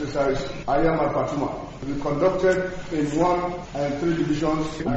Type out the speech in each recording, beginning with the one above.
exercise Ayama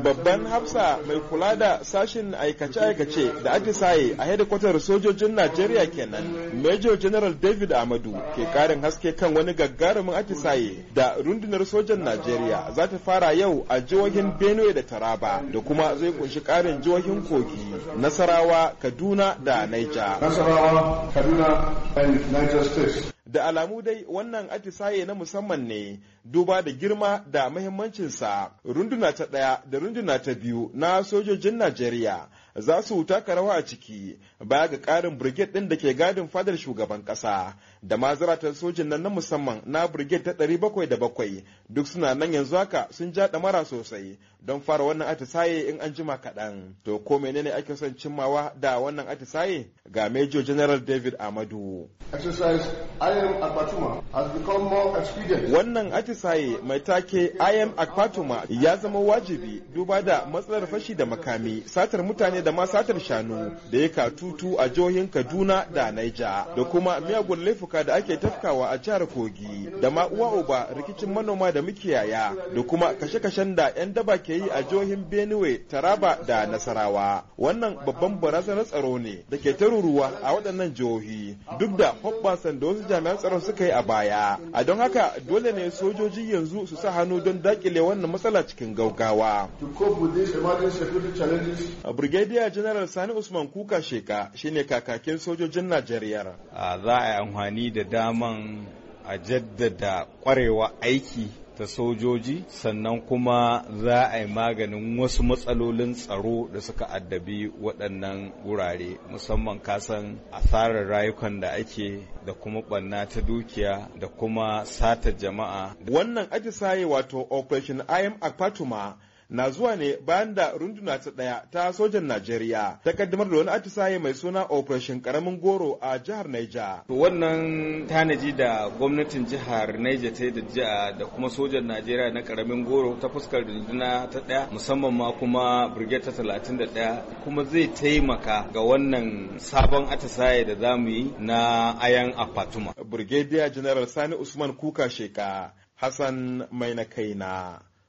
Babban Hafsa mai kula da sashin aikace-aikace da atisaye a hedikwatar sojojin Najeriya kenan, Major General David Amadu ke karin haske kan wani gagarumin atisaye da rundunar sojan Najeriya za ta fara yau a jihohin Benue da Taraba da kuma zai kunshi karin jihohin Kogi, Nasarawa, Kaduna da Niger. Nasarawa, Kaduna and Niger States. da alamu dai wannan atisaye na musamman ne duba da girma da mahimmancinsa runduna ta ɗaya da runduna ta biyu na sojojin najeriya za su taka rawa a ciki baya ga karin brigade ɗin da ke gadin fadar shugaban ƙasa da ma zaratan sojin nan na musamman na brigade ta ɗari bakwai da bakwai duk suna nan yanzu haka sun ja mara sosai don fara wannan atisaye in an jima kaɗan. To ko menene ake son cimmawa da wannan atisaye ga Major General David Amadu. Wannan atisaye mai take I am Akpatuma ya zama wajibi duba da matsalar fashi da makami satar mutane da da ma satar shanu da ya tutu a jihohin Kaduna da Naija da kuma miyagun laifuka da ake tafkawa a jihar Kogi da ma uwa uba rikicin manoma da mukiyaya da kuma kashe-kashen da 'yan daba ke yi a jihohin Benue, Taraba da Nasarawa. Wannan babban barazanar tsaro ne da ke taruruwa a waɗannan jihohi duk da hoɓɓasan da wasu jami'an tsaro suka yi a baya. A don haka dole ne sojoji yanzu su sa hannu don dakile wannan matsala cikin gaugawa. Brigadier Brigadier General Sani Usman Kuka Sheka shine kakakin sojojin Najeriya. Za a yi amfani da daman a jaddada kwarewa aiki ta sojoji sannan kuma za a yi maganin wasu matsalolin tsaro da suka addabi waɗannan wurare musamman kasan asarar rayukan da ake da kuma ɓanna ta dukiya da kuma sata jama'a. Wannan atisaye wato Operation IM Akpatuma na zuwa ne bayan da runduna ta ɗaya ta sojan Najeriya ta kaddamar da wani atisaye mai suna Operation Karamin Goro a jihar Naija. To wannan tanaji da gwamnatin jihar Naija ta yi da jiya da kuma sojan Najeriya na Karamin Goro ta fuskar runduna ta ɗaya musamman ma kuma Brigade ta talatin da ɗaya kuma zai taimaka ga wannan sabon atisaye da za mu yi na ayan afatuma. Brigadier General Sani Usman Kuka Sheka Hassan Mai kaina.